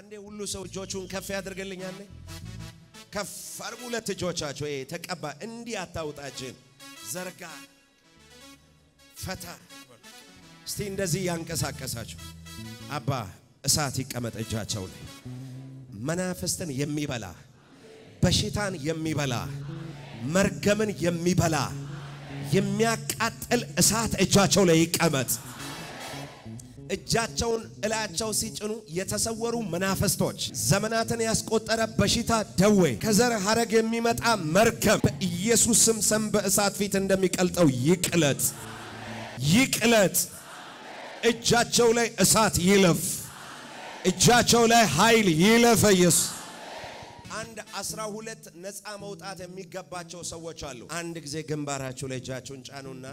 አንዴ ሁሉ ሰው እጆቹን ከፍ ያድርገልኛል ከፍ አርጉ ሁለት እጆቻቸው ይሄ ተቀባ። እንዲህ አታውጣጅን ዘርጋ ፈታ። እስቲ እንደዚህ ያንቀሳቀሳቸው አባ እሳት ይቀመጥ እጃቸው ላይ መናፍስትን የሚበላ በሽታን የሚበላ መርገምን የሚበላ የሚያቃጥል እሳት እጃቸው ላይ ይቀመጥ። እጃቸውን እላያቸው ሲጭኑ የተሰወሩ መናፈስቶች፣ ዘመናትን ያስቆጠረ በሽታ ደዌ፣ ከዘር ሐረግ የሚመጣ መርከብ በኢየሱስ ስም ሰም በእሳት ፊት እንደሚቀልጠው ይቅለጥ፣ ይቅለጥ። እጃቸው ላይ እሳት ይለፍ፣ እጃቸው ላይ ኃይል ይለፈ ኢየሱስ አንድ አስራ ሁለት ነፃ መውጣት የሚገባቸው ሰዎች አሉ። አንድ ጊዜ ግንባራችሁ ላይ እጃችሁን ጫኑና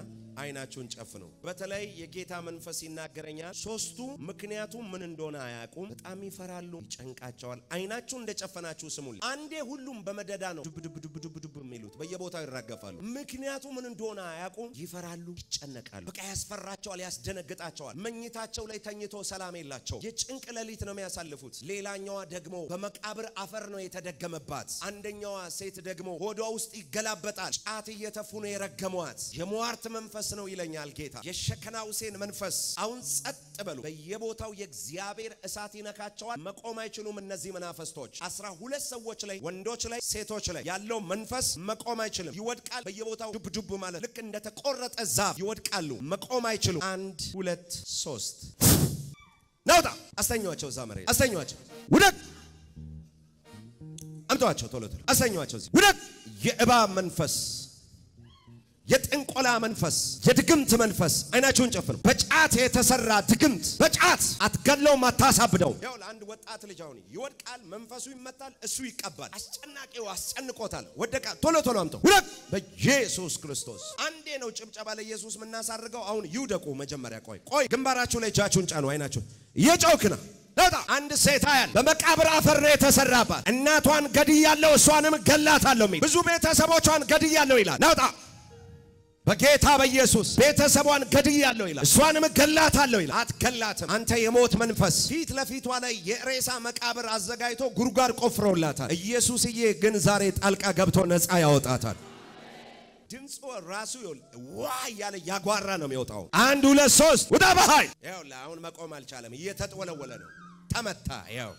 አይናችሁን ጨፍኑ። በተለይ የጌታ መንፈስ ይናገረኛል። ሶስቱ ምክንያቱ ምን እንደሆነ አያውቁም። በጣም ይፈራሉ፣ ይጨንቃቸዋል። አይናችሁን እንደጨፈናችሁ ስሙ አንዴ ሁሉም በመደዳ ነው ዱብዱብዱብዱብ የሚሉት በየቦታው ይራገፋሉ። ምክንያቱ ምን እንደሆነ አያውቁም። ይፈራሉ፣ ይጨነቃሉ። በቃ ያስፈራቸዋል፣ ያስደነግጣቸዋል። መኝታቸው ላይ ተኝቶ ሰላም የላቸው። የጭንቅ ሌሊት ነው የሚያሳልፉት። ሌላኛዋ ደግሞ በመቃብር አፈር ነው የተደገመባት። አንደኛዋ ሴት ደግሞ ሆዷ ውስጥ ይገላበጣል። ጫት እየተፉ ነው የረገሟት። የሟርት መንፈስ መንፈስ ነው ይለኛል ጌታ። የሸከናውሴን መንፈስ አሁን ጸጥ በሉ። በየቦታው የእግዚአብሔር እሳት ይነካቸዋል። መቆም አይችሉም። እነዚህ መናፈስቶች አስራ ሁለት ሰዎች ላይ ወንዶች ላይ ሴቶች ላይ ያለው መንፈስ መቆም አይችልም። ይወድቃል። በየቦታው ዱብ ዱብ ማለት ልክ እንደተቆረጠ ዛፍ ይወድቃሉ። መቆም አይችሉም። አንድ ሁለት ሶስት ናውጣ አስተኛቸው። እዛ መሬት አስተኛቸው። ውደቅ አምጠዋቸው። ቶሎ ቶሎ አስተኛቸው። እዚህ ውደቅ የእባብ መንፈስ የጥንቆላ መንፈስ፣ የድግምት መንፈስ አይናችሁን ጨፍነው። በጫት የተሰራ ድግምት በጫት አትገለውም፣ አታሳብደው። ያው ለአንድ ወጣት ልጅ አሁን ይወድቃል፣ መንፈሱ ይመታል፣ እሱ ይቀባል። አስጨናቂው አስጨንቆታል፣ ወደቃ። ቶሎ ቶሎ አምተው ሁለት በኢየሱስ ክርስቶስ። አንዴ ነው ጭብጨባ ለኢየሱስ የምናሳርገው። አሁን ይውደቁ መጀመሪያ። ቆይ ቆይ፣ ግንባራችሁ ላይ እጃችሁን ጫኑ። አይናችሁን እየጨውክና አንድ ሴት አያል በመቃብር አፈር ነው የተሰራባት። እናቷን ገድያለሁ እሷንም ገላታለሁ የሚል ብዙ ቤተሰቦቿን ገድያለሁ ይላል። ናውጣ በጌታ በኢየሱስ ቤተሰቧን ገድያለሁ ይላል። እሷንም ገላታለሁ ይላል። አትገላትም አንተ የሞት መንፈስ። ፊት ለፊቷ ላይ የሬሳ መቃብር አዘጋጅቶ ጉድጓድ ቆፍረውላታል። ኢየሱስዬ ግን ዛሬ ጣልቃ ገብቶ ነፃ ያወጣታል። ድምፁ ራሱ ዋ እያለ ያጓራ ነው የሚወጣው። አንድ ሁለት ሶስት ውጣ በሃይ ያው አሁን መቆም አልቻለም፣ እየተጠወለወለ ነው። ተመታ ያው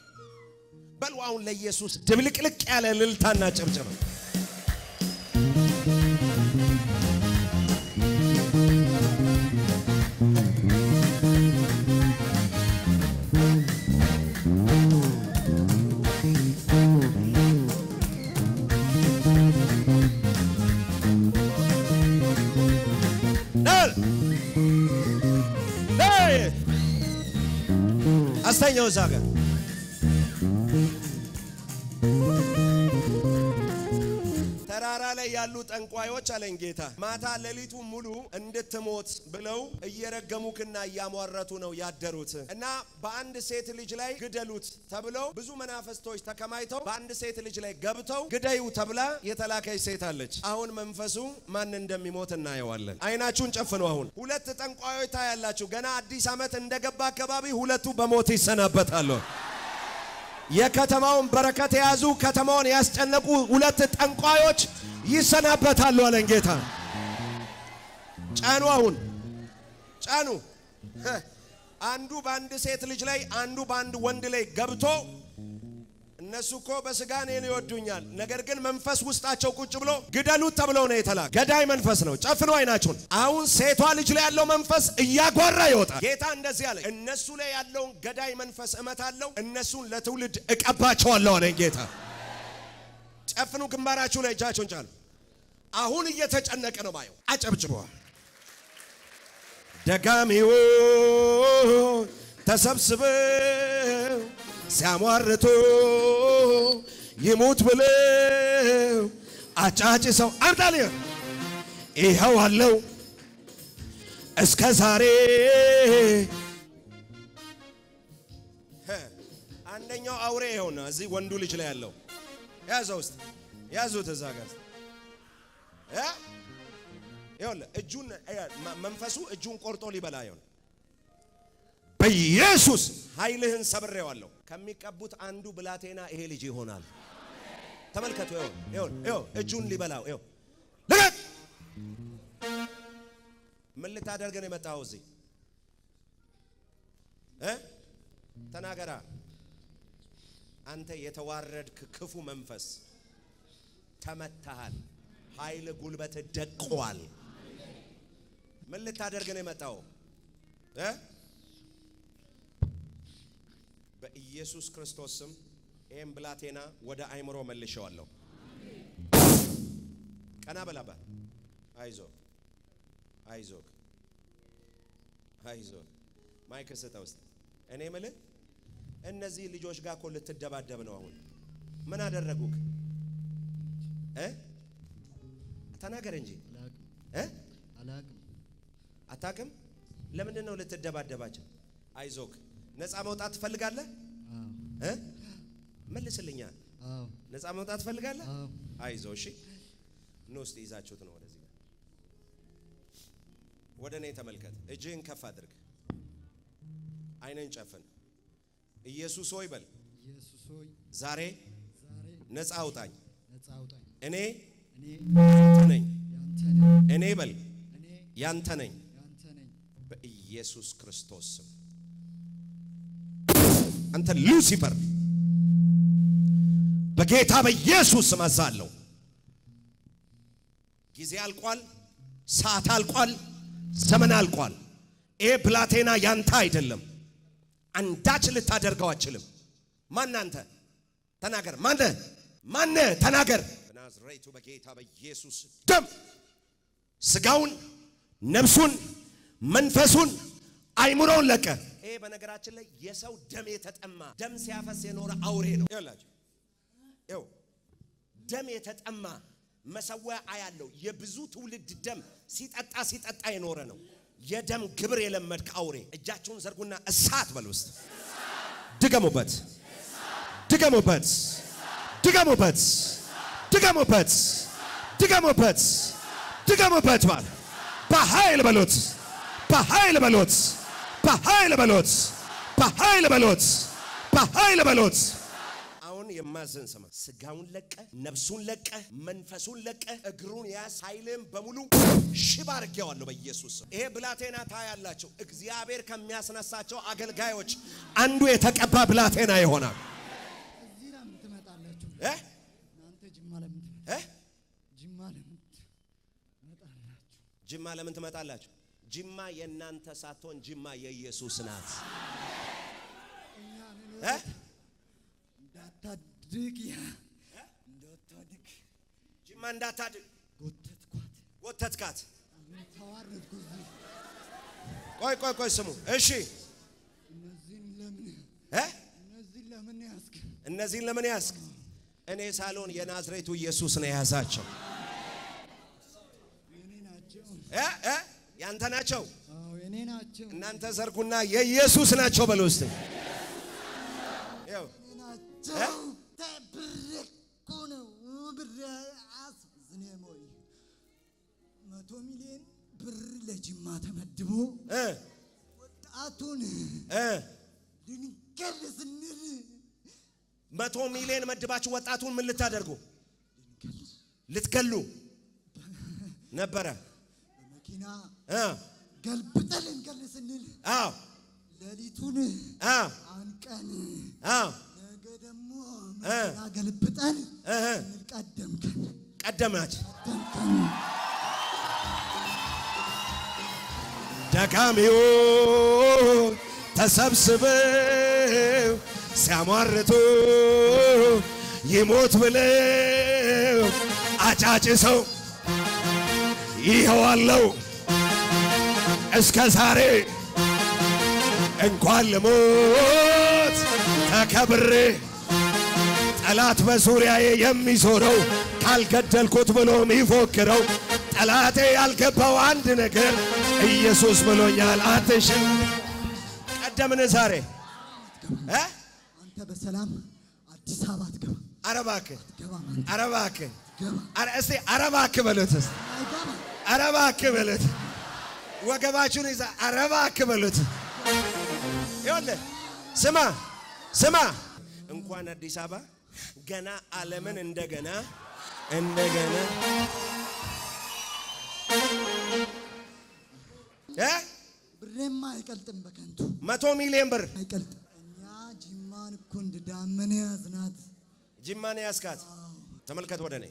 በሉ አሁን ለኢየሱስ ድብልቅልቅ ያለ ልልታና ጭብጭብ Aussage. ላይ ያሉ ጠንቋዮች አለኝ ጌታ ማታ ሌሊቱ ሙሉ እንድትሞት ብለው እየረገሙክና እያሟረቱ ነው ያደሩት እና በአንድ ሴት ልጅ ላይ ግደሉት ተብለው ብዙ መናፈስቶች ተከማይተው በአንድ ሴት ልጅ ላይ ገብተው ግደዩ ተብላ የተላከች ሴት አለች። አሁን መንፈሱ ማን እንደሚሞት እናየዋለን። አይናችሁን ጨፍኑ። አሁን ሁለት ጠንቋዮች ታያላችሁ። ገና አዲስ ዓመት እንደገባ አካባቢ ሁለቱ በሞት ይሰናበታሉ። የከተማውን በረከት የያዙ ከተማውን ያስጨነቁ ሁለት ጠንቋዮች ይሰናበታሉ አለን ጌታ። ጫኑ፣ አሁን ጫኑ። አንዱ በአንድ ሴት ልጅ ላይ፣ አንዱ በአንድ ወንድ ላይ ገብቶ እነሱ እኮ በስጋ እኔን ይወዱኛል፣ ነገር ግን መንፈስ ውስጣቸው ቁጭ ብሎ ግደሉት ተብሎ ነው የተላከ። ገዳይ መንፈስ ነው። ጨፍኑ አይናቸውን። አሁን ሴቷ ልጅ ላይ ያለው መንፈስ እያጓራ ይወጣል። ጌታ እንደዚህ አለ፣ እነሱ ላይ ያለውን ገዳይ መንፈስ እመታለሁ፣ እነሱን ለትውልድ እቀባቸዋለሁ አለኝ ጌታ። ጨፍኑ፣ ግንባራችሁ ላይ እጃቸውን ጫሉ። አሁን እየተጨነቀ ነው ባየው። አጨብጭበዋል። ደጋሚው ተሰብስበው ሲያሟርቱ ይሙት ብለው አጫጭ ሰው አምጣል ይኸው አለው እስከ ዛሬ አንደኛው አውሬ የሆነ እዚህ ወንዱ ልጅ ላይ ያለው ያዘው ውስጥ ያዙት እዛ ጋር እጁን መንፈሱ እጁን ቆርጦ ሊበላ ይሆን በኢየሱስ ኃይልህን ሰብሬዋለሁ ከሚቀቡት አንዱ ብላቴና ይሄ ልጅ ይሆናል። ተመልከቱ። ይሁን ይሁን እጁን ሊበላው ይሁን ልቀቅ። ምን ልታደርገን የመጣው እዚህ ተናገራ አንተ የተዋረድክ ክፉ መንፈስ ተመታሃል። ኃይል ጉልበት ደቀዋል። ምን ልታደርግ ነው በኢየሱስ ክርስቶስ ስም ይህም ብላቴና ወደ አይምሮ መልሸዋለሁ። ቀና በላባ አይዞህ፣ አይዞህ፣ አይዞህ። ማይክ ስጠው እስኪ። እኔ ምልህ እነዚህ ልጆች ጋር እኮ ልትደባደብ ነው። አሁን ምን አደረጉህ እ ተናገር እንጂ እ ለምንድን ነው ልትደባደባቸው? አይዞህ ነፃ መውጣት ትፈልጋለህ? መልስልኛ። ነፃ መውጣት ትፈልጋለህ? አይዞ። እሺ፣ ኖ ውስጥ ይዛችሁት ነው። ወደዚህ ወደ እኔ ተመልከት። እጅህን ከፍ አድርግ፣ አይነን ጨፍን። ኢየሱስ ሆይ በል፣ ዛሬ ነፃ አውጣኝ። እኔ ያንተ ነኝ። እኔ በል ያንተ ነኝ፣ በኢየሱስ ክርስቶስ ስም አንተ ሉሲፈር በጌታ በኢየሱስ ስም አዛለሁ። ጊዜ አልቋል፣ ሰዓት አልቋል፣ ዘመን አልቋል። ይሄ ብላቴና ያንተ አይደለም። አንዳች ልታደርገው አችልም። ማን አንተ ተናገር። ማን ማን ተናገር። በናዝሬቱ በጌታ በኢየሱስ ደም ስጋውን ነፍሱን መንፈሱን አይምሮውን ለቀ። ይሄ በነገራችን ላይ የሰው ደም የተጠማ ደም ሲያፈስ የኖረ አውሬ ነው ይላችሁ። ይኸው ደም የተጠማ መሰዊያ አያለው። የብዙ ትውልድ ደም ሲጠጣ ሲጠጣ የኖረ ነው። የደም ግብር የለመድክ አውሬ እጃችሁን ዘርጉና እሳት በል ውስጥ ድገሙበት፣ ድገሙበት፣ ድገሙበት፣ ድገሙበት፣ ድገሙበት፣ ድገሙበት በል በኃይል በሎት፣ በኃይል በሎት በኃይል በሎት፣ በኃይል በሎት፣ በኃይል በሎት። አሁን የማዘን ሰማ ስጋውን ለቀ፣ ነፍሱን ለቀ፣ መንፈሱን ለቀ፣ እግሩን ያዝ። ኃይልም በሙሉ ሽባ አድርጌዋለሁ በኢየሱስ። ይሄ ብላቴና ታያላችሁ፣ እግዚአብሔር ከሚያስነሳቸው አገልጋዮች አንዱ የተቀባ ብላቴና ይሆናል። ጅማ ለምን ትመጣላችሁ? ጅማ የእናንተ ሳትሆን ጅማ የኢየሱስ ናት። እንዳታድግ እንዳታድግ ጅማ እንዳታድግ ጎተትኳት ጎተትካት። ቆይ ቆይ ቆይ ስሙ። እሺ እነዚህን ለምን እነዚህን ለምን እኔ ሳልሆን የናዝሬቱ ኢየሱስ ነው የያዛቸው። ያንተ ናቸው እናንተ ዘርጉና የኢየሱስ ናቸው በል ውስጥ መቶ ሚሊዮን ብር ለጅማ ተመድቦ ወጣቱን ልንገል ስንል መቶ ሚሊዮን መድባችሁ ወጣቱን ምን ልታደርጉ ልትገሉ ነበረ? መኪና ገልብጠን ልንገል ስንል ሌሊቱን አንቀን ነገ ደግሞ መኪና ገልብጠን ቀደምከን ቀደምናች ደካሚውን ተሰብስበው ሲያሟርቱ ይሞት ብለው አጫጭ ሰው ይኸዋለው እስከ ዛሬ እንኳን ልሞት ተከብሬ ጠላት በዙሪያዬ የሚዞረው ካልገደልኩት ብሎ የሚፎክረው ጠላቴ ያልገባው አንድ ነገር ኢየሱስ ብሎኛል። አትሽ ቀደምን ዛሬ አንተ በሰላም አዲስ አበባ አትገባ አረባክ እባክህ ኧረ እባክህ ኧረ እባክህ በሉት እስኪ በሉት ወገባችሁን ይዛ አረባክ እባክህ በሉት። ይኸውልህ ስማ ስማ እንኳን አዲስ አበባ ገና ዓለምን እንደገና እንደገና እ ብሬማ አይቀልጥም በከንቱ መቶ ሚሊዮን ብር አይቀልጥም። እኛ ጅማን እኮ እንደ ዳመና ያዝናት ጅማን ያስካት ተመልከት ወደ እኔ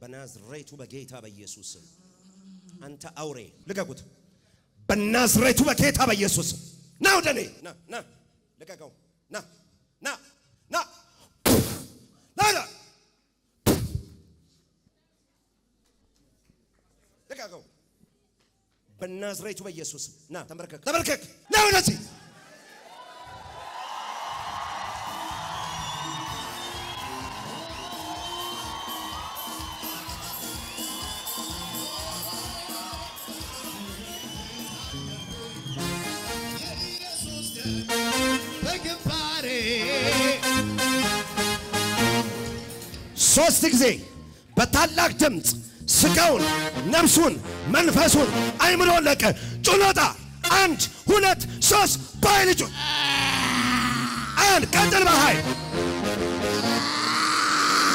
በናዝሬቱ በጌታ በኢየሱስ ስም አንተ አውሬ ልቀቁት። በናዝሬቱ በጌታ በኢየሱስ ስም ና ወደ እኔ ና ና ልቀቀው ና ና ና ና ና ልቀቀው በናዝሬቱ በኢየሱስ ስም ና ተመልከክ ተመልከክ ና ወደዚህ ሶስት ጊዜ በታላቅ ድምፅ ሥጋውን፣ ነፍሱን፣ መንፈሱን አይምሮን ለቀ ጩኖታ አንድ ሁለት ሦስት ባይልጩ አንድ ቀጥል በኃይል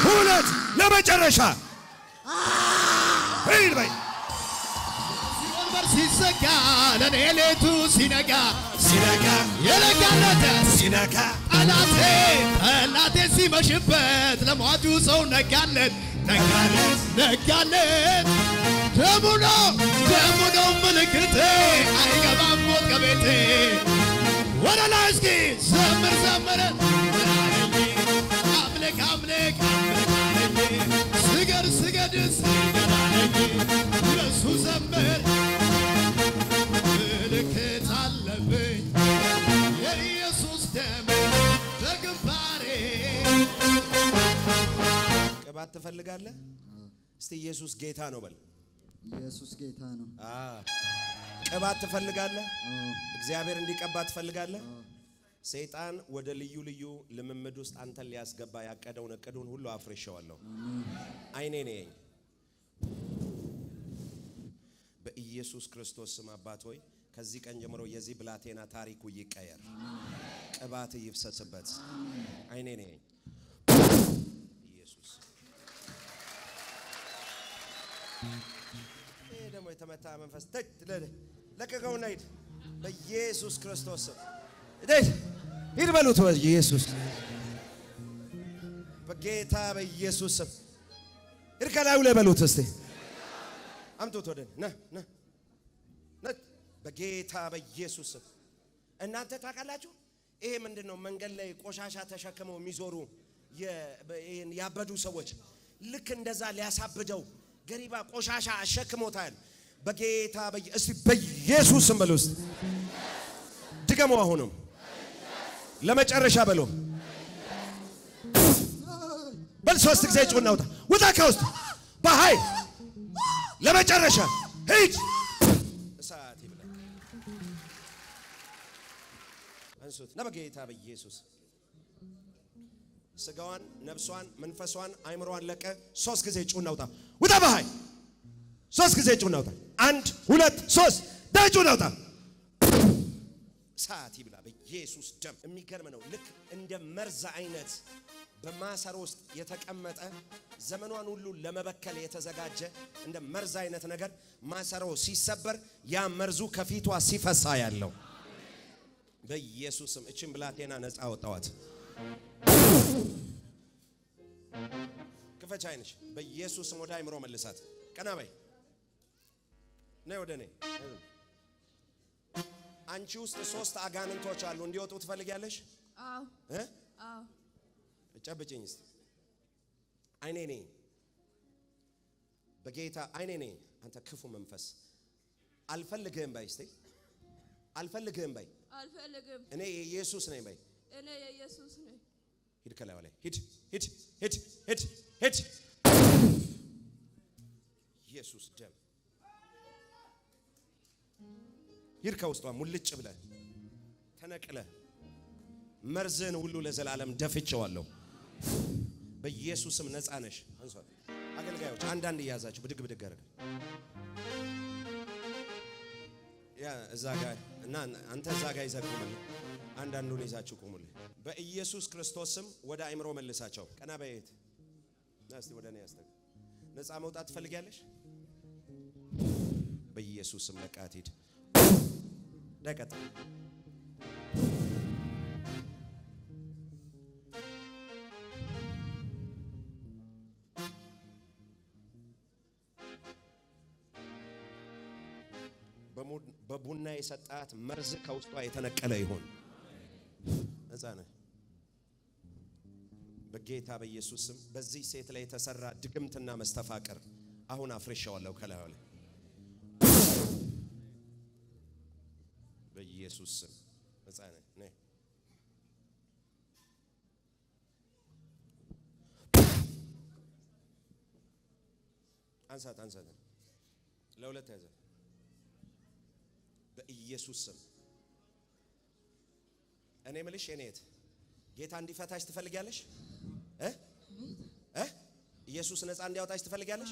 ሁለት ለመጨረሻ ይል በይ ሲዘጋ ለኔሌቱ ሲነጋ ሲነጋ የነጋለተ ሲነጋ ጠላቴ ጠላቴ ሲመሽበት ለሟቹ ሰው ነጋለት ነጋለት ነጋለት ደሙ ነው ደሙ ነው ምልክቴ አይገባም ሞት ከቤቴ ወደ ላይ እስኪ ዘምር ዘምር አምልክ አምልክ ስገድ ስገድ ስገድ ለሱ ዘምር ምልክት የኢየሱስ ደም ቅባት ትፈልጋለህ? እስቲ ኢየሱስ ጌታ ነው በል። ኢየሱስ ጌታ ነው። ቅባት ትፈልጋለህ? እግዚአብሔር እንዲቀባ ትፈልጋለህ? ሰይጣን ወደ ልዩ ልዩ ልምምድ ውስጥ አንተን ሊያስገባ ያቀደውን እቅዱን ሁሉ አፍርሼዋለሁ። አይኔ ነኝ በኢየሱስ ክርስቶስ ስም አባት ሆይ ከዚህ ቀን ጀምሮ የዚህ ብላቴና ታሪኩ ይቀየር፣ ቅባት ይፍሰስበት። አይኔ ነኝ ኢየሱስ። ይህ ደግሞ የተመታ መንፈስ ለቀቀውና ሂድ፣ በኢየሱስ ክርስቶስ ስም ሂድ በሉት። ኢየሱስ በጌታ በኢየሱስ ስም ሂድ፣ ከላዩ ላይ በሉት እስቴ አምጡት ወደ ነ በጌታ በኢየሱስም እናንተ ታውቃላችሁ። ይሄ ምንድን ነው? መንገድ ላይ ቆሻሻ ተሸክመው የሚዞሩ ያበዱ ሰዎች ልክ እንደዛ ሊያሳብደው ገሪባ ቆሻሻ አሸክሞታል። በጌታ እስቲ በኢየሱስም በሎ ውስጥ ድገመው። አሁንም ለመጨረሻ በሎ በል ሶስት ጊዜ ጩና ውጣ ከውስጥ በኃይል ለመጨረሻ ሂድ እሳት ይብላ አንሱት ለበጌታ በኢየሱስ ስጋዋን፣ ነብሷን መንፈሷን፣ አይምሮዋን ለቀ። ሶስት ጊዜ ጩ እናውጣ ውጣ በሃይ ሶስት ጊዜ ጩ እናውጣ አንድ ሁለት ሶስት ዳይ እናውጣ ውጣ። እሳት ይብላ በኢየሱስ ደም። የሚገርም ነው። ልክ እንደ መርዝ አይነት በማሰሮ ውስጥ የተቀመጠ ዘመኗን ሁሉ ለመበከል የተዘጋጀ እንደ መርዝ አይነት ነገር ማሰሮ ሲሰበር ያ መርዙ ከፊቷ ሲፈሳ ያለው በኢየሱስም እችን ብላቴና ነፃ ወጣዋት። ክፈች አይንሽ። በኢየሱስም ወደ አይምሮ መልሳት። ቀና በይ። ነይ ወደ እኔ። አንቺ ውስጥ ሶስት አጋንንቶች አሉ። እንዲወጡ ትፈልጊያለሽ? አዎ። ጨብጭኝ እስቲ አይኔ ነኝ በጌታ አይኔ ነኝ አንተ ክፉ መንፈስ አልፈልግህም ባይ እስቲ አልፈልግህም ባይ አልፈልግህም እኔ የኢየሱስ ነኝ ባይ እኔ የኢየሱስ ነኝ ሂድ ከላይ ላይ ሂድ ሂድ ሂድ ሂድ ሂድ ኢየሱስ ደም ሂድ ከውስጧ ሙልጭ ብለህ ተነቅለህ መርዝህን ሁሉ ለዘላለም ደፍቼዋለሁ በኢየሱስም ነፃ ነሽ። አንሷት። አገልጋዮች አንዳንድ እያዛችሁ ብድግ ብድግ አደረገ ያ እዛ ጋር እና አንተ እዛ ጋር ይዘህ ቁምልኝ። አንዳንዱን ይዛችሁ ቁሙልኝ። በኢየሱስ ክርስቶስ ስም ወደ አእምሮ መልሳቸው። ቀና በየት ናስቲ ወደ እኔ ያስተግ ነፃ መውጣት ትፈልጊያለሽ? በኢየሱስም ነቃት ሂድ ደቀጣ በቡና የሰጣት መርዝ ከውስጧ የተነቀለ ይሆን። ነጻ በጌታ በኢየሱስ ስም። በዚህ ሴት ላይ የተሰራ ድግምትና መስተፋቅር አሁን አፍርሻዋለሁ ከላዩ ላይ በኢየሱስ ስም ነጻ ነህ። አንሳት አንሳት፣ ለሁለት በኢየሱስ ስም እኔ ምልሽ የኔት ጌታ እንዲፈታሽ ትፈልጊያለሽ? እ እ ኢየሱስ ነፃ እንዲያወጣሽ ትፈልጊያለሽ?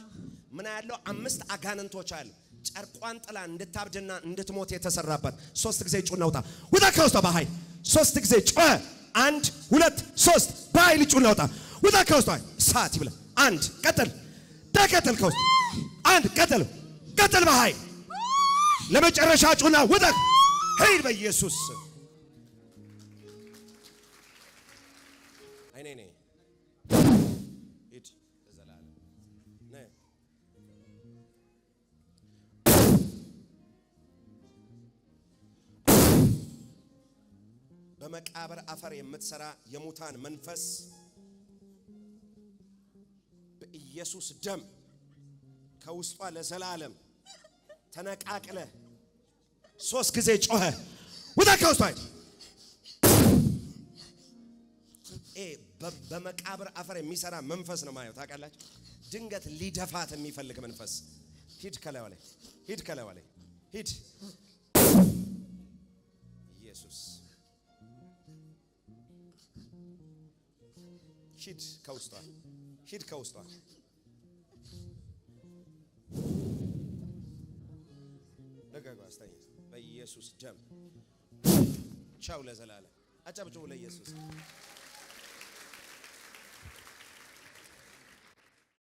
ምን ያለው አምስት አጋንንቶች አሉ። ጨርቋን ጥላ እንድታብድና እንድትሞት የተሰራበት ሶስት ጊዜ ጩና ውጣ ውጣ ከውስጥ በኃይል ሶስት ጊዜ ጮ አንድ ሁለት ሶስት በኃይል ጩና ውጣ ውጣ ከውስጥ ሰዓት ይብላ አንድ ቀጥል ደቀጥል ከውስጥ አንድ ቀጥል ቀጥል በኃይል ለመጨረሻ ጩና ውጣ ሄይ በኢየሱስ በመቃብር አፈር የምትሰራ የሙታን መንፈስ በኢየሱስ ደም ከውስጧ ለዘላለም ተነቃቅለ ሶስት ጊዜ ጮኸ፣ ውጣ ከውስጥ አይደል በመቃብር አፈር የሚሰራ መንፈስ ነው ማየው። ታውቃላችሁ፣ ድንገት ሊደፋት የሚፈልግ መንፈስ። ሂድ ከላይ ላይ ሂድ፣ ከላይ ላይ ሂድ። ኢየሱስ ሂድ፣ ከውስጧ ሂድ፣ ከውስጧ ደጋጋ አስተኛ በኢየሱስ ደም ቻው ለዘላለም አጨብጭቡ ለኢየሱስ